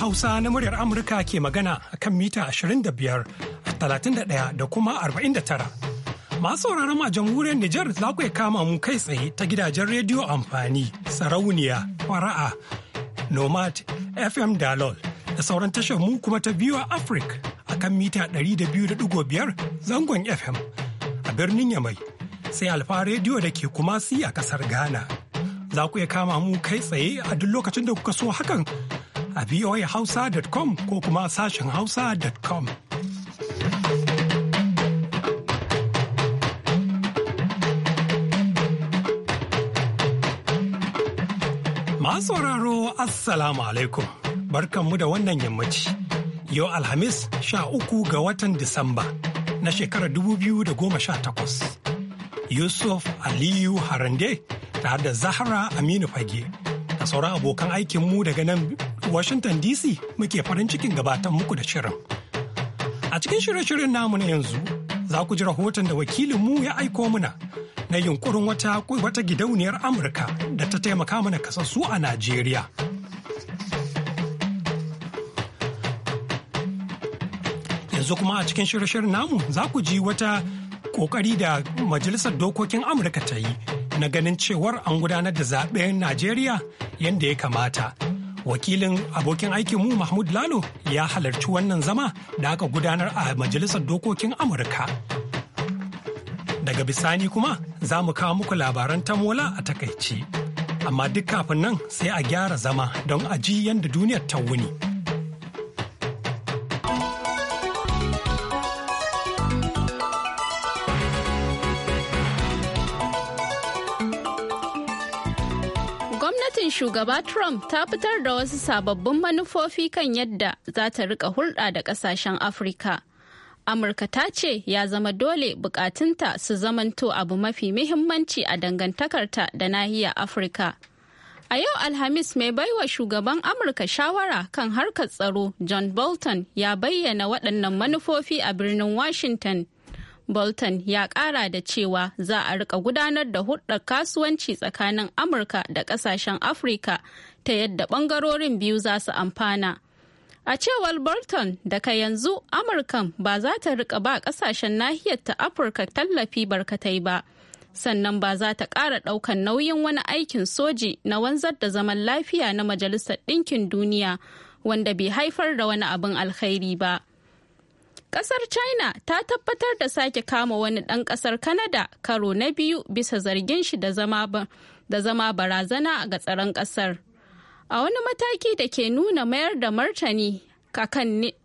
Hausa na muryar Amurka ke magana a kan mita 25, 31 da kuma 49. Masu sauraron a jamhuriyar Nijar za ku kama mu kai tsaye ta gidajen rediyo amfani, sarauniya, fara'a, nomad, FM Dalol da sauran tashar mu kuma ta biyu a Afrik a kan mita 200.5 zangon FM a birnin Yamai, sai Alfa Rediyo da ke kuma si a kasar Ghana. Za ku iya kama mu kai tsaye a duk lokacin da kuka so hakan a voahausa.com ko kuma sashen hausa.com. Masu sauraro Assalamu alaikum, barkanmu da wannan yammaci. Yau Alhamis sha uku ga watan Disamba na shekarar dubu biyu da goma sha takwas, Yusuf Aliyu Harande tare da Zahra Aminu Fage da sauran abokan aikinmu daga nan Washington DC muke farin cikin gabatan muku da shirin. A cikin shirye-shiryen namu na yanzu za ku ji rahoton da wakilin mu ya aiko muna na yunkurin wata wata gidauniyar Amurka da ta taimaka mana kasassu a Najeriya. Yanzu kuma a cikin shirye-shiryen namu za ku ji wata kokari da Majalisar Dokokin Amurka ta yi na ganin cewar an gudanar da zaɓen Najeriya yadda ya kamata. wakilin abokin aikinmu mahmud lalo ya halarci wannan zama da aka gudanar a majalisar dokokin amurka daga bisani kuma za mu kawo muku labaran tamola a takaici amma duk kafin nan sai a gyara zama don aji yadda duniyar ta wuni. gwamnatin shugaba Trump ta fitar da wasu sababbin manufofi kan yadda za ta rika hulɗa da ƙasashen Afirka. Amurka ta ce ya zama dole bukatunta su zamanto abu mafi muhimmanci a dangantakarta da nahiyar Afirka. A yau Alhamis mai baiwa shugaban Amurka shawara kan harkar tsaro John Bolton ya bayyana waɗannan manufofi a birnin Washington. Bolton ya kara da cewa za a rika gudanar da hudar kasuwanci tsakanin Amurka da kasashen Afirka ta yadda bangarorin biyu za su amfana. A cewar Bolton ka yanzu Amurkan ba za ta rika ba kasashen nahiyar ta Afirka tallafi barkatai ba. sannan ba za ta ƙara ɗaukan nauyin wani aikin soji na wanzar da zaman lafiya na majalisar ɗinkin duniya wanda bai haifar da wani abin alkhairi ba. Kasar China ta tabbatar da sake kama wani ɗan ƙasar Kanada karo na biyu bisa zargin shi da zama barazana ga tsaron kasar. A wani mataki da ke nuna mayar da martani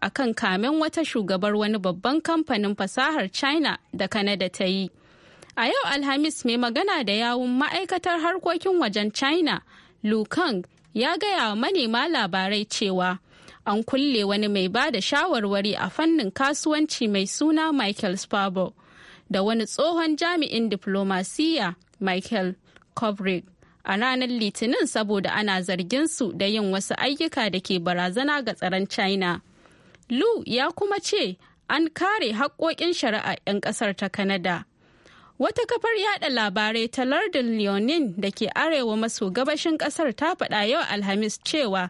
a kan kamen wata shugabar wani babban kamfanin fasahar China da Kanada ta yi. A yau Alhamis mai magana da yawun ma'aikatar harkokin wajen China, Lu Kang, ya gaya wa manema labarai cewa an kulle wani mai ba da shawarwari a fannin kasuwanci mai suna michael spabo da wani tsohon jami'in diplomasiya michael kovrig a ranar litinin saboda ana zargin su da yin wasu ayyuka da ke barazana ga tsaron china lu ya kuma ce an kare haƙƙoƙin shari'a 'yan ƙasar ta Kanada. Wata kafar yada labarai ta lardin Leonin da ke arewa maso gabashin ƙasar ta faɗa yau Alhamis cewa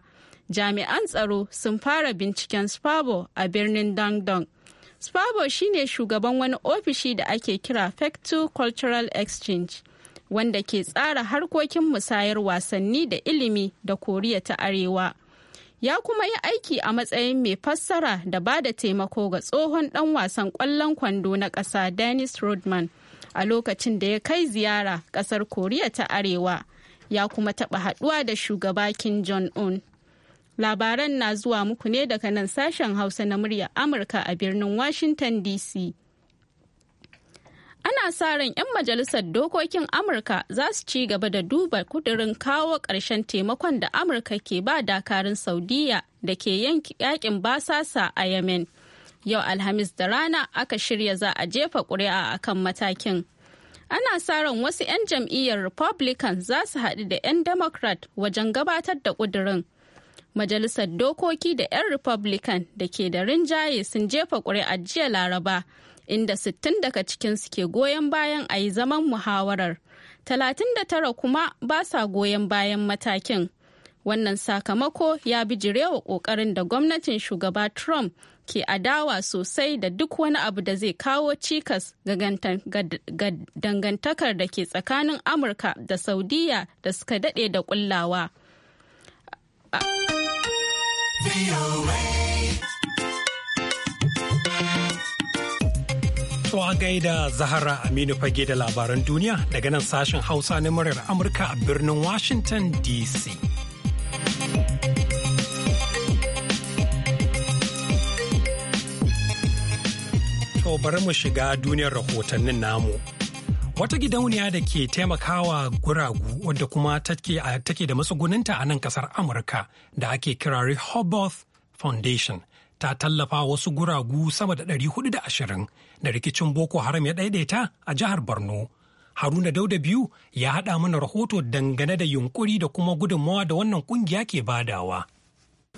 jami'an tsaro sun fara binciken spabo a birnin dangdong spabo shine shugaban wani ofishi da ake kira factu cultural exchange wanda ke tsara harkokin musayar wasanni da ilimi da koriya ta arewa ya kuma yi aiki a matsayin mai fassara da ba da taimako ga tsohon dan wasan kwallon kwando na ƙasa dennis rodman a lokacin da ya kai ziyara ƙasar koriya ta arewa ya kuma taɓa haɗuwa da shugaba kim jong-un Labaran na zuwa muku ne daga nan sashen Hausa na murya Amurka a birnin Washington DC. Ana sa ran 'yan majalisar dokokin Amurka za su ci gaba da duba kudirin kawo ƙarshen taimakon da Amurka ke ba dakarun Saudiya da ke yakin basasa a Yemen. Yau Alhamis da rana aka shirya za a jefa ƙuri'a a kan matakin. ana sa ran wasu 'yan jam'iyyar republican za su haɗu da 'yan democrat wajen gabatar da ƙudurin Majalisar Dokoki da 'yan Republican da ke da rinjaye sun jefa ƙuri'a jiya Laraba, inda 60 daga cikinsu ke goyon bayan a yi zaman muhawarar. 39 kuma ba sa goyon bayan matakin. Wannan sakamako ya bi jirewa ƙoƙarin da gwamnatin shugaba Trump ke adawa sosai da duk wani abu da zai kawo cikas ga dangantakar da ke tsakanin Amurka da Saudiya da suka daɗe da ƙullawa. To a gaida Zahara Aminu fage da labaran duniya daga nan sashen Hausa na murar Amurka a birnin Washington DC. To bari mu shiga duniyar rahotannin namu. Wata gidauniya da ke taimakawa guragu wadda kuma take da matsugunanta a nan kasar Amurka da ake kira Rehoboth Foundation ta tallafa wasu guragu sama da 420 da rikicin Boko Haram ya daidaita a jihar Borno. Haruna Dauda biyu ya haɗa mana rahoto dangane da yunkuri da kuma gudunmawa da wannan ƙungiya ke badawa.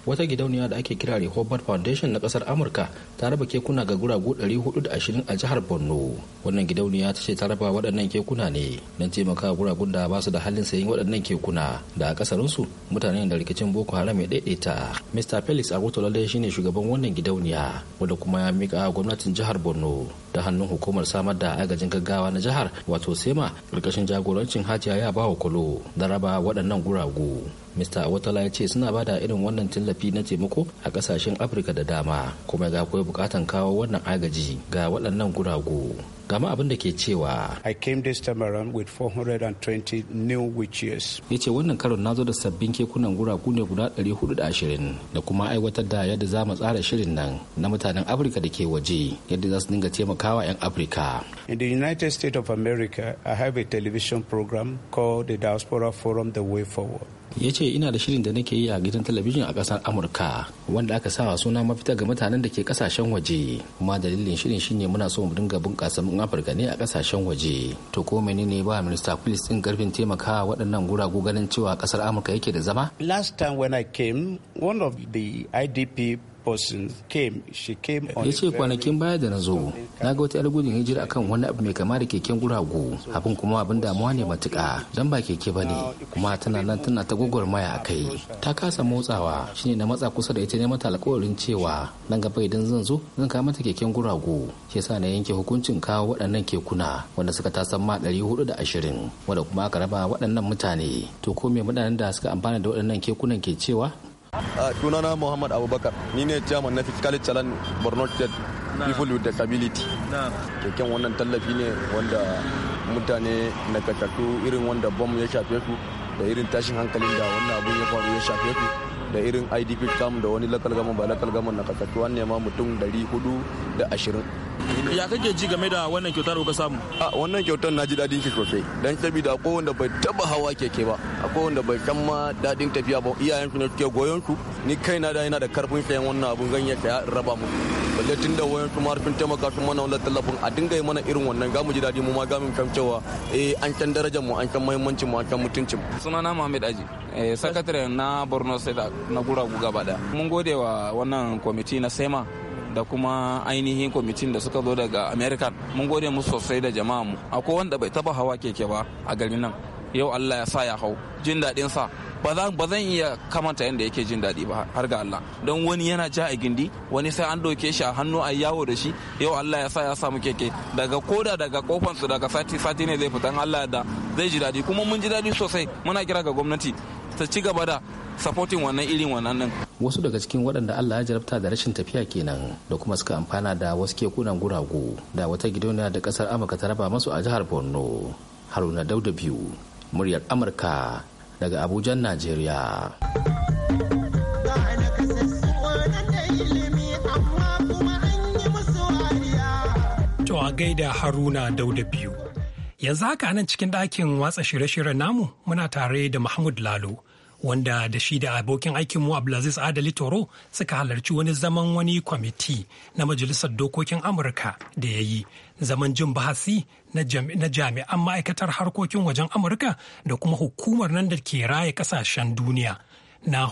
wata gidauniya da ake kira Rehoboth Foundation na kasar Amurka ta raba kekuna ga guragu 420 a jihar Borno. Wannan gidauniya ta ce ta raba waɗannan kekuna ne don taimaka guragun da ba su da halin sayen waɗannan kekuna da a kasarinsu mutane da rikicin Boko Haram ya daidaita. Mr. Felix Agutolade shine shugaban wannan gidauniya wanda kuma ya mika gwamnatin jihar Borno Da hannun hukumar samar da agajin gaggawa na jihar wato sema karkashin jagorancin hajiya ya bawa kulo da raba waɗannan guragu mista Awatala ya ce suna bada irin wannan tallafi na taimako a kasashen afirka da dama kuma ga akwai bukatan kawo wannan agaji ga waɗannan guragu gama abin da ke cewa I came this time around with 420 new witches. yace wannan karon na zo da sabbin kekunan guragu ne guda 420 da kuma aiwatar da yadda za mu tsara shirin nan na mutanen Afirka da ke waje yadda za su dinga taimakawa 'yan Afirka. In the United States of America, I have a television program called the Diaspora Forum The Way Forward. ya ce ina da shirin da nake yi a gidan talabijin a kasar amurka wanda aka sawa suna mafita ga mutanen da ke kasashen waje kuma dalilin shirin shine muna so mu dinga bunƙasa mun afirka ne a kasashen waje to ko menene ba minista kulis din karfin taimakawa waɗannan guragu ganin cewa kasar amurka yake da zama last time when i came one of the idp ya ce kwanakin baya da na zo na ga wata 'yar gudun hijira akan wani abu mai kama da keken guragu abin kuma abin damuwa ne matuka don ba keke ba ne kuma tana nan tana ta maya a kai ta kasa motsawa shine na matsa kusa da ita ne mata alkawarin cewa nan gaba idan zan zo zan kawo mata keken guragu shi sa na yanke hukuncin kawo waɗannan kekuna wanda suka tasan ma ashirin wanda kuma aka raba waɗannan mutane to ko me mutanen da suka amfana da waɗannan kekunan ke cewa Tunana uh, Muhammad Abubakar, ni ne chairman na Fiscal Challenge Borno State People with Disability. Keken wannan tallafi ne wanda mutane na kakatu irin wanda bom ya shafe su da irin tashin hankalin da wannan abun ya faru ya shafe su da irin IDP kam da wani lakal gama ba lakal gama na kakatu an nema mutum 420 ya kake ji game da wannan kyautar da kuka samu a wannan kyautar na ji dadin ki sosai dan saboda akwai wanda bai taba hawa keke ba akwai wanda bai san ma dadin tafiya ba iyayen su ne suke goyon su ni kaina da ina da karfin sayan wannan abun zan yi saya raba mu balle tun da wayan kuma harfin taimaka sun mana wannan tallafin a dinga yi mana irin wannan gamu ji dadi mu ma gamin kan cewa eh an san darajar mu an san muhimmancin mu an san mutuncin mu sunana Muhammad Aji eh, sakatare na Borno State na Guragu gaba daya mun gode wa wannan committee na SEMA da kuma ainihin kwamitin da suka zo daga america mun gode musu sosai da jama'a mu akwai wanda bai taba hawa keke ba a garin nan yau allah ya sa ya hau jin daɗin sa ba zan iya kamanta yadda yake jin daɗi ba har ga Allah don wani yana ja a gindi wani sai an ɗauke shi a hannu a yawo da shi yau Allah ya sa ya samu keke daga koda daga kofansu daga sati sati ne zai fita Allah da zai ji daɗi kuma mun ji daɗi sosai muna kira ga gwamnati ta ci gaba da supporting wannan irin wannan nan wasu daga cikin waɗanda Allah ya jarabta da rashin tafiya kenan da kuma suka amfana da wasu kekunan guragu da wata gidauniya da kasar Amurka ta raba masu a jihar Borno Haruna Dauda biyu muryar Amurka daga Abuja Najeriya To a gaida Haruna Dauda biyu Yanzu haka nan cikin ɗakin watsa shirye-shiryen namu muna tare da Mahmud Lalo wanda da shi da abokin aikinmu Abdulaziz Adali Toro suka halarci wani zaman wani kwamiti na Majalisar Dokokin Amurka da ya yi zaman jin bahasi na jami'an ma'aikatar harkokin wajen Amurka da kuma hukumar nan da ke raya kasashen duniya na,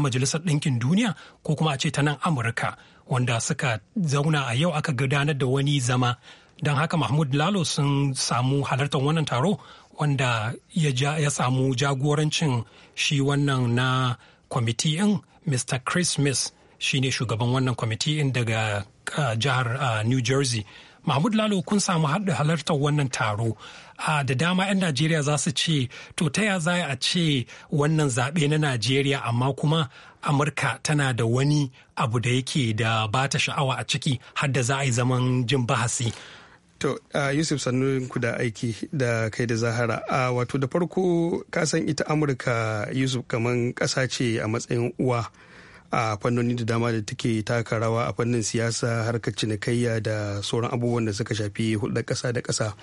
Majalisar Ɗinkin Duniya ko kuma a ce ta nan Amurka wanda suka zauna a yau aka gudanar da wani zama don haka Mahmud Lalo sun samu halartar wannan taro wanda ya samu jagorancin shi wannan na kwamiti in mr chris smith ne shugaban wannan kwamiti in daga uh, jihar uh, new jersey mahmud lalo kun samu halartar wannan taro uh, da dama 'yan najeriya za su ce to ta ya zai a ce wannan zaɓe na najeriya amma kuma amurka tana da wani abu da yake da ba ta sha'awa a ciki har da za a yi zaman jin bahasi To uh, Yusuf sannu ku da aiki da kai da Zahara. Uh, wato da farko kasan ita Amurka Yusuf kaman ƙasa ce a matsayin uwa a uh, fannoni da dama da take taka rawa a fannin siyasa harkar cinikayya da sauran abubuwan da suka shafi hulɗar ƙasa da ƙasa.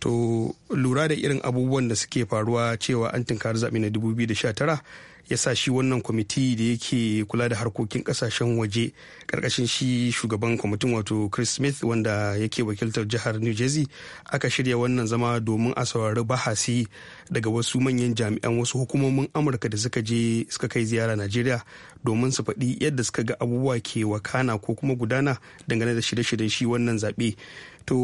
To lura da irin abubuwan da suke faruwa cewa an tunkar zaɓe na 2019 ya sa shi wannan kwamiti da yake kula da harkokin kasashen waje karkashin shi shugaban kwamitin wato chris smith wanda yake wakiltar jihar new jersey aka shirya wannan zama domin a saurari bahasi daga wasu manyan jami'an wasu hukumomin amurka da suka je suka kai ziyara najeriya domin su faɗi yadda suka ga abubuwa ke wakana ko kuma gudana dangane da shirye-shiryen shi wannan zaɓe to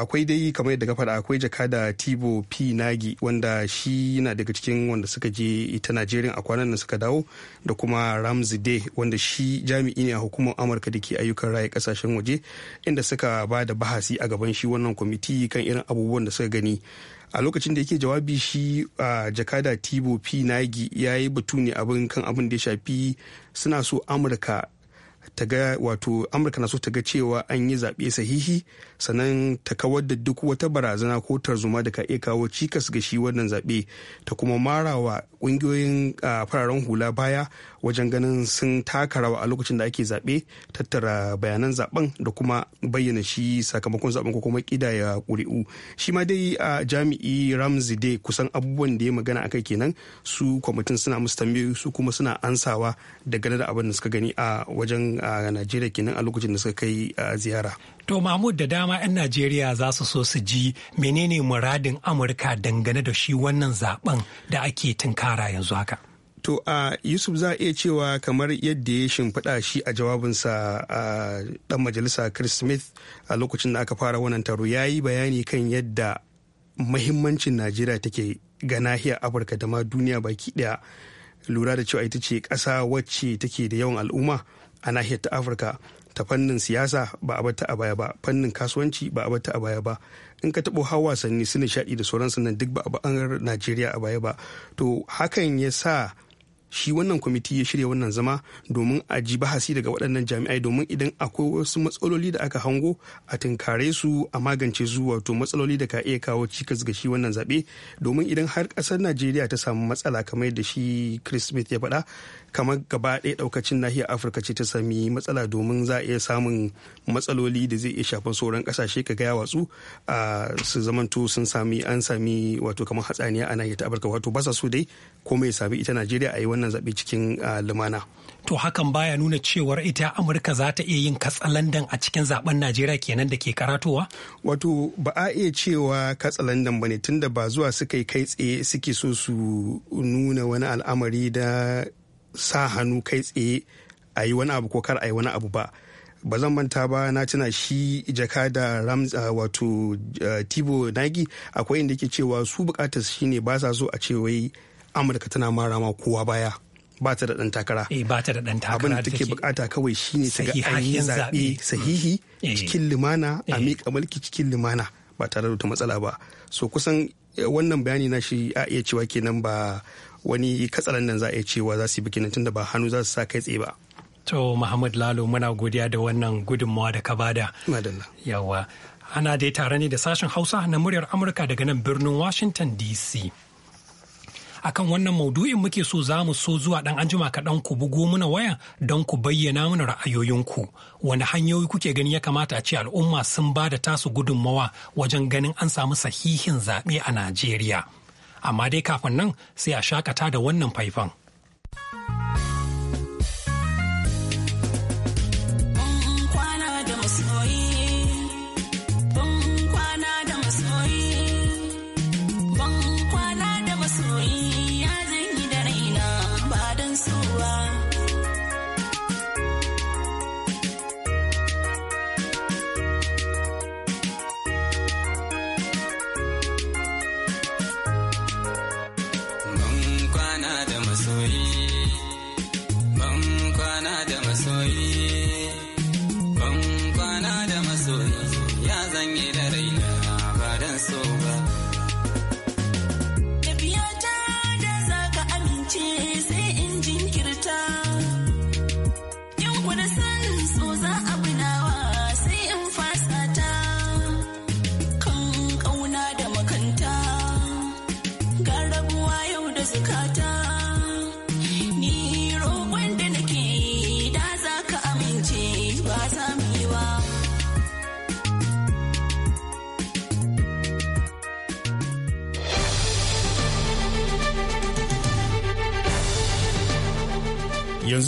akwai dai kamar yadda ka faɗa akwai jakada tibo p nagi wanda shi yana daga cikin wanda suka je ita najeriya a kwanan nan suka dawo da kuma ramzi day wanda shi jami'i ne a hukumar amurka da ke ayyukan raya kasashen waje inda suka ba da bahasi a gaban shi wannan kwamiti kan irin abubuwan da suka gani a lokacin da yake jawabi shi a jakada tibo p nagi ya yi batu ne abin kan abin da ya shafi suna so amurka ta ga wato amurka na so ta ga cewa an yi zaɓe sahihi sannan ta kawar da duk wata barazana ko tarzoma da ka iya kawo cikas ga shi wannan zaɓe ta kuma marawa ƙungiyoyin fararen hula baya wajen ganin sun taka rawa a lokacin da ake zaɓe tattara bayanan zaɓen da kuma bayyana shi sakamakon zaɓen ko kuma kidaya ƙuri'u shi ma dai a jami'i ramzi dai kusan abubuwan da ya magana akai kenan su kwamitin suna musu su kuma suna ansawa dangane da abin da suka gani a wajen a najeriya kenan a lokacin da suka kai a ziyara To Mahmud da dama 'yan Najeriya za su so su ji menene muradin Amurka dangane da shi wannan zaben da ake tunkara yanzu haka. To a Yusuf za a iya cewa kamar yadda ya shimfiɗa shi a jawabinsa a ɗan majalisa Chris Smith a lokacin da aka fara wannan taro ya yi bayani kan yadda mahimmancin Najeriya take ga nahiyar Afirka da ma duniya baki ɗaya lura da cewa ita ce ƙasa wacce take da yawan al'umma. a nahiyar ta afirka ta fannin siyasa ba a bata a baya ba fannin kasuwanci ba a bata a baya ba in ka taɓo hawa wasanni su nishaɗi da sauran nan duk ba a najeriya a baya ba to hakan ya sa shi wannan kwamiti ya shirya wannan zama domin a ji bahasi daga waɗannan jami'ai domin idan akwai wasu matsaloli da aka hango a tunkare su a magance su wato matsaloli da ka iya kawo cikas ga shi wannan zaɓe domin idan har ƙasar najeriya ta samu matsala kamar da shi chris smith ya faɗa kamar gaba ɗaya ɗaukacin nahiyar afirka ce ta sami matsala domin za a iya samun matsaloli da zai iya shafar sauran ƙasashe ka gaya watsu su zamanto sun sami an sami wato kamar hatsaniya a nahiyar afirka wato ba sa so dai komai ya sami ita najeriya a yi wannan zaɓe cikin lumana. to hakan baya nuna cewar ita amurka za ta iya yin katsalandan a cikin zaben najeriya kenan da ke karatowa wato ba a iya cewa katsalandan ba ne tunda ba zuwa suka yi kai tsaye suke so su nuna wani al'amari da sa hannu kai tsaye a yi wani abu ko kar a yi wani abu ba ba zan manta ba na tuna shi jaka da Ramza ah, wato ah, tibo nagi akwai inda ke cewa su bukatar shine ba sa so a ce wai amurka tana mara ma kowa baya ba ta da dan eh, takara abin da take bukata kawai ne ta ga an yi sahihi mm. eh. cikin limana a eh. miƙa mulki cikin limana ba tare da wata matsala ba so kusan wannan bayani na shi a iya cewa kenan ba wani katsalan nan za a cewa za su yi bikin tunda ba hannu za su sa kai tsaye ba to muhammad lalo muna godiya da wannan gudunmawa da ka bada yawa ana dai tare ne da sashen hausa na muryar amurka daga nan birnin washington dc akan wannan maudu'in muke so za mu so zuwa ɗan anjima kaɗan ku bugo muna waya don ku bayyana mana ra'ayoyinku wani hanyoyi kuke gani ya kamata a ce al'umma sun ba da tasu gudunmawa wajen ganin an samu sahihin zaɓe a najeriya amma dai kafin nan sai a shakata da wannan faifan.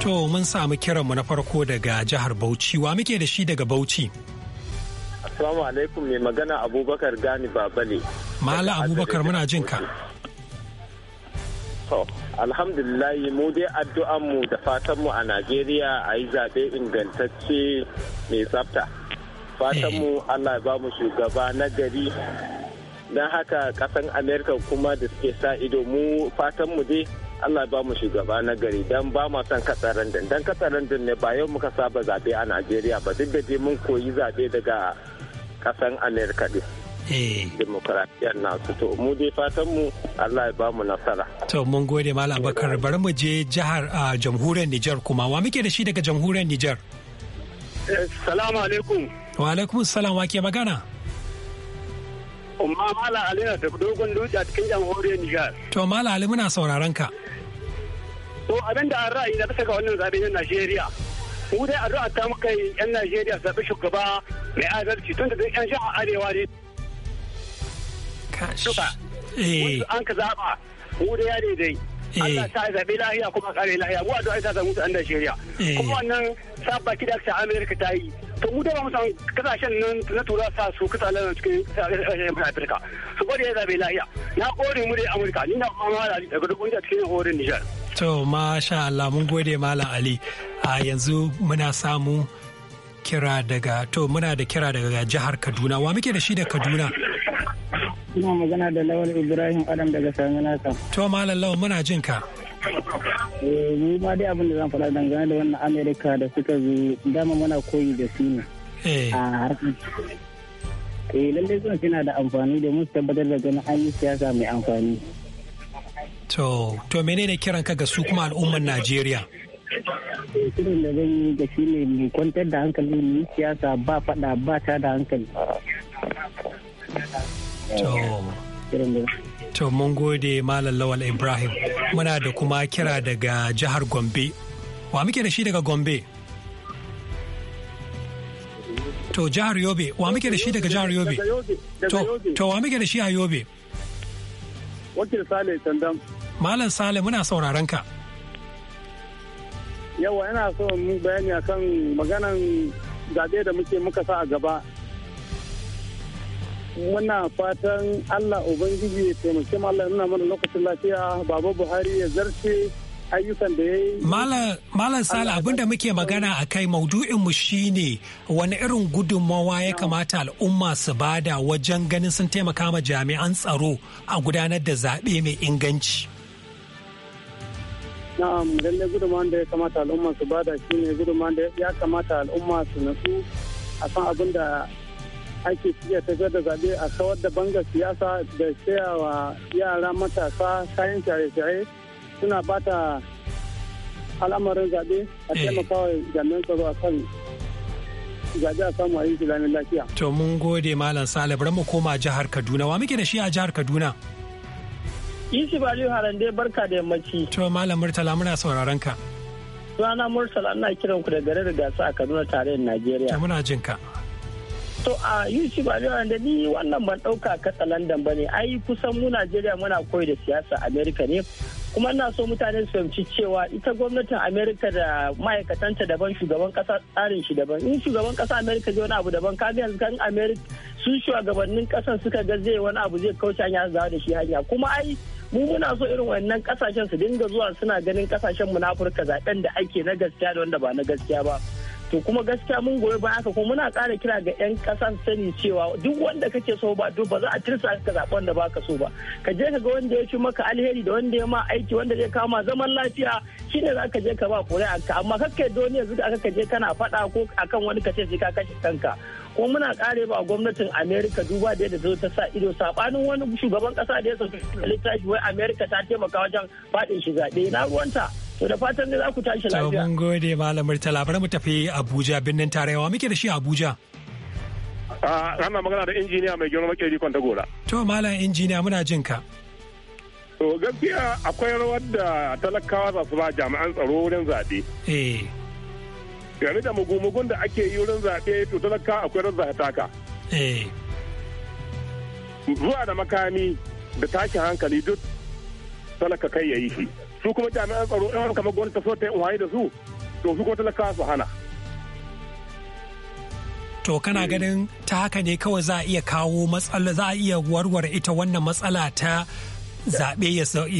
To mun samu mu na farko daga jihar Bauchi wa muke da shi daga Bauchi. Assalamu alaikum mai magana Abubakar Gani Babale. Mala Abubakar muna jin ka. To, alhamdulillah mu dai addu'an mu da fatan mu a Najeriya a yi zaɓe ingantacce mai tsafta. Fatan mu eh. Allah ya ba mu shugaba na gari don haka ƙasan Amerika kuma da suke sa ido mu fatan mu dai Allah ba mu shugaba na gari don ba mu son katsaran din dan din ne ba yau muka saba zabe a Najeriya ba duk da mun koyi zabe daga kasan Amerika din eh. demokradiyyar nasu to mu dai fatan mu Allah ya mu nasara. To mun gode Malam Bakar bari mu je jihar a jamhuriyar Nijar kuma wa muke da shi daga jamhuriyar Nijar? Eh, salamu alaikum. Wa alaikum salam wa ke magana? Umma Mala Ali na tafi dogon dutse a cikin jamhuriyar Nijar. To Mala Ali muna sauraron ka. To abin da an ra'ayi na bisa ga wannan zaɓe na Najeriya. Mu dai addu'a ta muka yi 'yan Najeriya zaɓi shugaba mai adalci tun da dai 'yan jihar Arewa ne. eh An ka zaɓa mu dai ya dai eh. Allah ta zaɓi lahiya kuma kare lahiya mu addu'a ta zaɓi mutu 'yan Najeriya. Eh. Kuma wannan sabba kidak ta Amerika ta yi. to mu da ba mu san kasashen nan na tura sa su kasashen cikin kasashen Afirka su bari ya zabe lahiya na kore mu da Amurka ni na kuma da daga duk wanda cikin horin Nijar to masha Allah mun gode malam Ali a yanzu muna samu kira daga to muna da kira daga jihar Kaduna wa muke da shi da Kaduna Ina magana da Lawal Ibrahim Adam daga Saminaka. To Malam Lawal muna jin ka. Eh ni ma dai abin da zan faɗa dangane da wannan Amerika da suka zo dama muna koyi da su ne. Eh. A harkar eh lallai zuwa suna da amfani da mun tabbatar da ganin an yi siyasa mai amfani. To, to menene kiran ka ga su kuma al'ummar Najeriya? Eh, kiran da zan yi da shi ne mai kwantar da hankali mai siyasa ba faɗa ba ta da hankali. To. Kiran da To mun gode Malam Lawal Ibrahim. Muna da kuma kira daga jihar Gombe. Wa muke da shi daga Gombe? To jihar Yobe, wa muke da shi daga jihar Yobe? To, wa muke da shi a Yobe? Wakil Sale Tandam. Malam Sale muna sauraron ka. Yawa yana so mun bayani akan maganan zabe da muke muka sa a gaba muna fatan Allah Ubangiji ya taimake Allah nuna mana lokacin lafiya Baba Buhari ya zarce ayyukan da ya yi. Malam Sala abinda muke magana a kai maudu’in mu shine wani irin gudunmawa ya kamata al'umma su bada wajen ganin sun taimaka ma jami'an tsaro a gudanar da zaɓe mai inganci. Na'am, lallai gudunmawan da ya kamata al'umma su bada shine da ya kamata al'umma su nasu a abin da ake shirya tafiyar da zaɓe a kawar da bangar siyasa da tsayawa yara matasa kayan shaye-shaye suna bata al'amarin zaɓe a eh. taimakawa jami'an tsaro a kan zaɓe a samu a yi lafiya. To mun gode Malam Sale bari mu koma jihar Kaduna wa muke da shi a jihar Kaduna. Yusuf Aliyu Harande barka da yammaci. To Malam Murtala muna sauraron ka. Sunana Murtala ana kiran ku da gare da gasa a Kaduna tarayyar Najeriya. Ta muna jin ka. to a yusuf aliyu da ni wannan ban dauka ɗauka katsalandan ba ne ai kusan mu najeriya muna koyi da siyasa amerika ne kuma ina so mutane su fahimci cewa ita gwamnatin amerika da ma'aikatanta daban shugaban kasa tsarin shi daban in shugaban kasa amerika zai wani abu daban ka yanzu kan amerika su shugabannin kasan suka ga zai wani abu zai kauce hanya zawa da shi hanya kuma ai mu muna so irin wannan kasashen su dinga zuwa suna ganin kasashen mu na afirka zaben da ake na gaskiya da wanda ba na gaskiya ba to kuma gaskiya mun goyi baya ka kuma muna kara kira ga 'yan kasa sani cewa duk wanda kake so ba duk ba za a tirsa ka zaɓen da ka so ba ka je ka ga wanda ya ci maka alheri da wanda ya ma aiki wanda zai kama zaman lafiya shine za ka je ka ba kuri'a ka amma kakkai doni yanzu da aka ka je kana faɗa ko akan wani kace ka kashe kanka ko muna kare ba gwamnatin amerika duba da yadda ta sa ido saɓanin wani shugaban kasa da ya saka littafi wai amerika ta taimaka wajen faɗin shi zaɓe na ruwanta da fatan ne za ku tashi lafiya. To mun gode Malam bari mu tafi Abuja birnin tarayyawa muke da shi Abuja. Ah, ana magana da injiniya mai girma makeri kwanta gora. To Malam injiniya muna jin ka. To gaskiya akwai rawar da talakawa za su ba jami'an tsaro wurin zaɓe. Eh. Game da mugumugun mugun da ake yi wurin zaɓe to talakawa akwai rawar zaɓe taka. Eh. Zuwa da makami da tashin hankali duk talaka kai ya yi shi su kuma jami'an tsaro in kamar gwamnati ta so ta yi unwaye da su to su ko talaka su hana to kana eh. ganin ta haka ne kawai za a iya kawo matsala za a iya warware ita wannan matsala ta zaɓe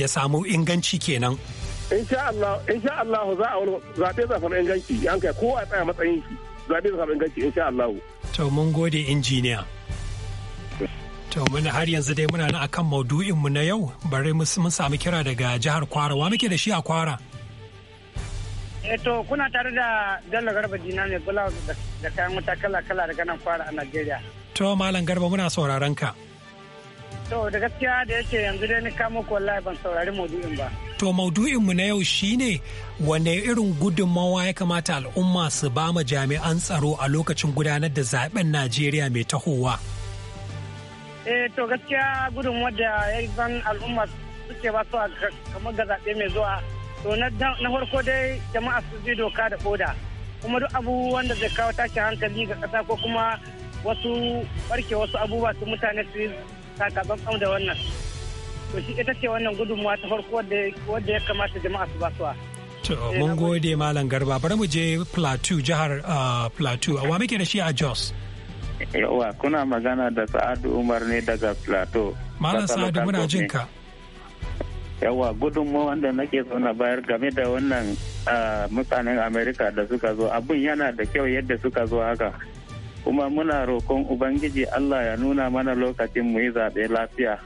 ya samu inganci kenan sha Allah za a wani zaɓe za a samu inganci yanka ko a tsaya matsayin shi zaɓe za a samu inganci sha Allah to mun gode injiniya To mana har yanzu dai muna nan akan maudu'inmu na yau mu mun samu kira daga jihar Kwara wa muke da shi a Kwara. Eh to kuna tare da Bello Garba Dina ne bula da kayan wuta kala-kala daga nan Kwara a Najeriya. To Malam Garba muna sauraron ka. To da gaskiya da yake yanzu dai ni kamo ko wallahi ban saurari maudu'in ba. To maudu'inmu na yau shine wane irin gudunmawa ya kamata al'umma su ba ma jami'an tsaro a lokacin gudanar da zaben Najeriya mai tahowa. eh to gaskiya gudun wadda ya zan al'umma suke ba su kamar ga zaɓe mai zuwa to na farko dai jama'a su zai doka da koda kuma duk abubuwan da zai kawo tashin hankali ga ƙasa ko kuma wasu barke wasu abubuwa su mutane su tsam da wannan to shi ita ce wannan gudunmuwa ta farko wadda ya kamata jama'a su ba su a. Eh, mun gode Malam Garba, bari mu je Plateau, jihar ah, Plateau, a wa muke da shi a Jos? yawa kuna magana da sa'adu umar ne daga plateau malam sa'adu muna jin ka yawa wanda nake so na bayar game da wannan mutanen amerika da suka zo abun yana da kyau yadda suka zo haka kuma muna rokon ubangiji allah ya nuna mana lokacin mu yi zaɓe lafiya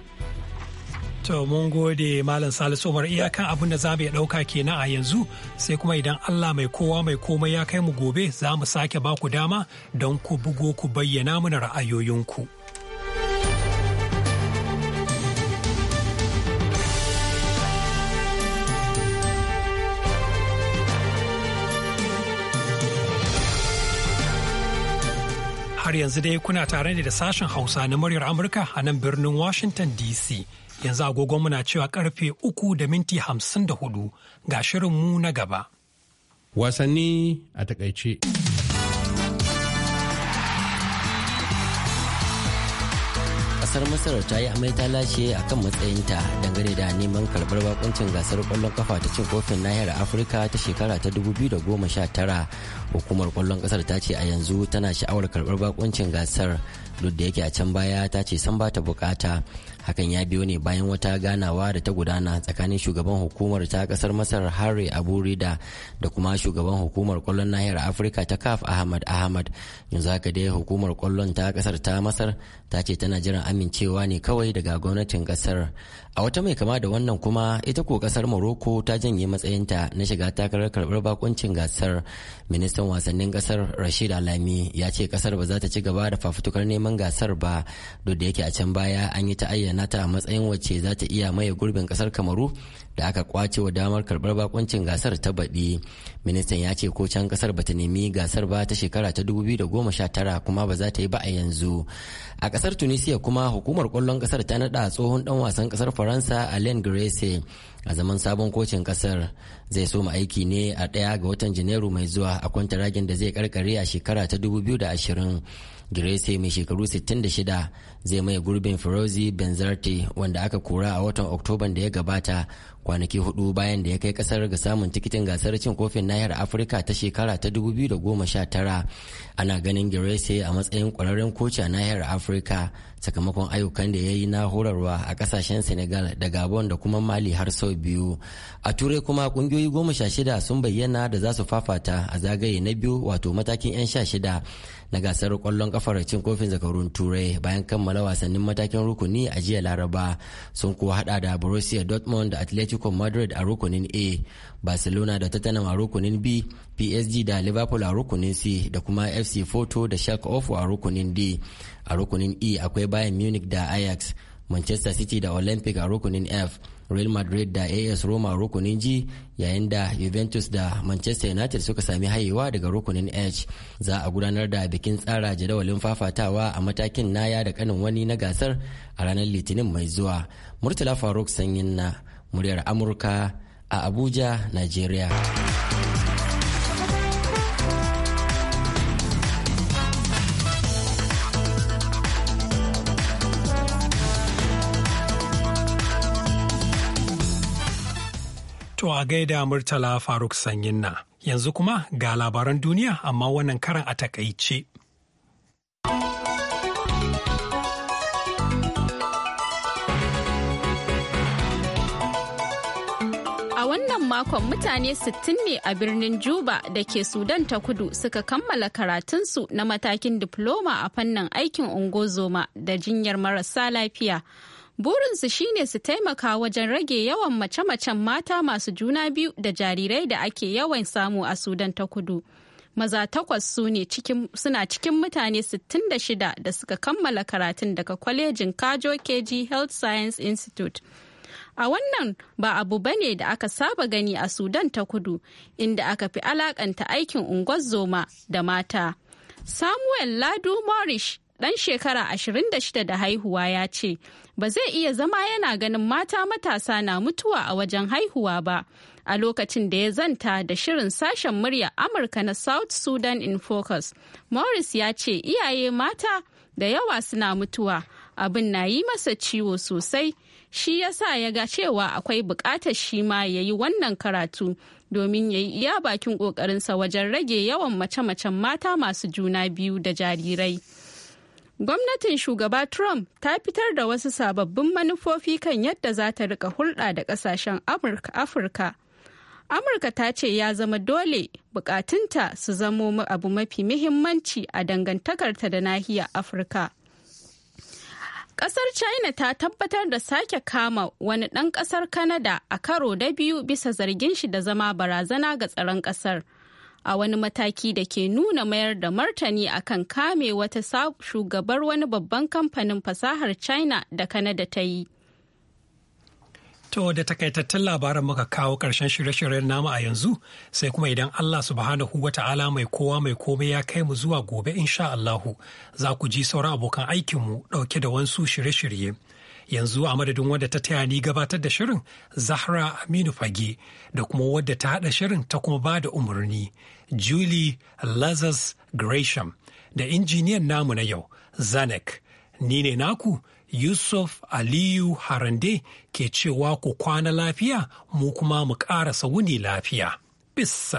To mun gode Malam Salisu Umar iyakan abin da za mu ɗauka kenan a yanzu sai kuma idan Allah mai kowa mai komai ya kai mu gobe za mu sake ba ku dama don ku bugo ku bayyana mana ra'ayoyinku. Har yanzu dai kuna tare ne da sashen Hausa na muryar Amurka a nan birnin Washington DC. yanzu agogon muna cewa karfe uku da minti hamsin da hudu ga shirinmu na gaba. Wasanni a takaice. Kasar Masar ta yi amai ta lashe a kan matsayinta dangane da neman karbar bakuncin gasar kwallon kafa ta cin kofin nahiyar Afirka ta shekara ta 2019. Hukumar kwallon kasar ta ce a yanzu tana sha'awar karbar bakuncin gasar duk da yake a can baya ta ce san ba ta bukata hakan ya biyo ne bayan wata ganawa da ta gudana tsakanin shugaban hukumar ta kasar masar harry aburida da kuma shugaban hukumar kwallon nahiyar afirka ta kaf ahmad ahmad yanzu haka dai hukumar kwallon ta kasar ta masar ta ce tana jiran amincewa ne kawai daga gwamnatin kasar a wata mai kama da wannan kuma ita ko kasar morocco ta janye matsayinta na shiga takarar karbar bakuncin gasar ministan wasannin kasar rashid alami ya ce kasar ba za ta ci gaba da fafutukar neman neman gasar ba duk da yake a can baya an yi ta ayyana ta a matsayin wacce za ta iya maye gurbin kasar kamaru da aka kwace wa damar karbar bakuncin gasar ta baɗi ministan ya ce ko can kasar bata nemi gasar ba ta shekara ta 2019 kuma ba za ta yi ba a yanzu a kasar tunisia kuma hukumar kwallon kasar ta naɗa tsohon dan wasan kasar faransa alain grace a zaman sabon kocin kasar zai so aiki ne a ɗaya ga watan janairu mai zuwa a kwanta ragin da zai karkare a shekara ta 2020 Grace mai shekaru 66 zai maye gurbin Firozi Benzarte wanda aka kura a watan Oktoban da ya gabata kwanaki hudu bayan da ya kai kasar ga samun tikitin gasar cin kofin nahiyar afirka ta shekara ta 2019 ana ganin gerese a matsayin kwararren koci a nahiyar afirka sakamakon ayyukan da ya yi na horarwa a kasashen senegal da gabon da kuma mali har sau biyu a turai kuma kungiyoyi goma sha shida sun bayyana da za su fafata a zagaye na biyu wato matakin 'yan sha shida na gasar kwallon kafar cin kofin zakarun turai bayan kammala wasannin matakin rukuni a jiya laraba sun kuwa hada da borussia dortmund da atletico madrid a rukunin a barcelona da tottenham a rukunin b psg da liverpool a rukunin c da kuma fc foto da shark off a rukunin d a rukunin e akwai bayan munich da ajax manchester city da olympic a rukunin f real madrid da as roma rukunin g yayin da juventus da manchester united suka sami haihuwa daga rukunin h za a gudanar da bikin tsara jadawalin fafatawa a matakin naya da kanin wani na gasar a ranar litinin mai zuwa murtala faruk sanyin na muryar amurka a abuja nigeria To a gaida Murtala Faruk Sanyinna. Yanzu kuma ga labaran duniya amma wannan karan a takaice. wannan makon mutane 60 ne a birnin Juba da ke Sudan ta kudu suka kammala karatunsu na matakin diploma a fannin aikin ungozoma da jinyar marasa lafiya. burinsu shine su taimaka wajen rage yawan mace-macen mata masu juna biyu da jarirai da ake yawan samu a sudan ta kudu maza takwas su ne suna cikin mutane 66 da suka kammala karatun daga kwalejin kajo kg health science institute a wannan ba abu ba ne da aka saba gani a sudan ta kudu inda aka fi alakanta aikin unguwar zoma da mata samuel ladu morish ɗan shekara 26 da haihuwa ya ce ba zai iya zama yana ganin mata matasa na mutuwa a wajen haihuwa ba a lokacin da ya zanta da shirin sashen murya amurka na south sudan in focus morris ya ce iyaye mata da yawa suna mutuwa abin na yi masa ciwo sosai shi ya sa ya ga cewa akwai bukatar shi ma ya yi wannan karatu domin ya yi iya bakin kokarinsa wajen rage yawan mace-macen mata masu juna biyu da jarirai. Gwamnatin shugaba Trump ta fitar da wasu sababbin manufofi kan yadda za ta rika hulɗa da ƙasashen Afirka. Amurka ta ce ya zama dole bukatunta su zamo abu mafi muhimmanci a dangantakarta da nahiyar Afirka. Ƙasar China ta tabbatar da sake kama wani ɗan ƙasar Kanada a karo da biyu bisa zargin shi da zama barazana ga tsaron ƙasar. a wani mataki da ke nuna mayar da martani akan kame wata shugabar wani babban kamfanin fasahar china da kanada ta yi To da takaitattun labaran muka kawo ƙarshen shirye-shiryen nama a yanzu sai kuma idan Allah subhanahu wa ta'ala mai kowa mai komai ya kai mu zuwa gobe insha Allahu za ku ji sauran abokan aikinmu ɗauke da wasu shirye-shirye. yanzu a madadin wadda ta taya ni gabatar da shirin zahra aminu fage da kuma wadda ta haɗa shirin ta kuma ba da umarni julie lazarus gresham da injiniyan namu na yau zanek ni ne naku yusuf aliyu harande ke cewa ku kwana lafiya mu kuma mu ƙara wuni lafiya bis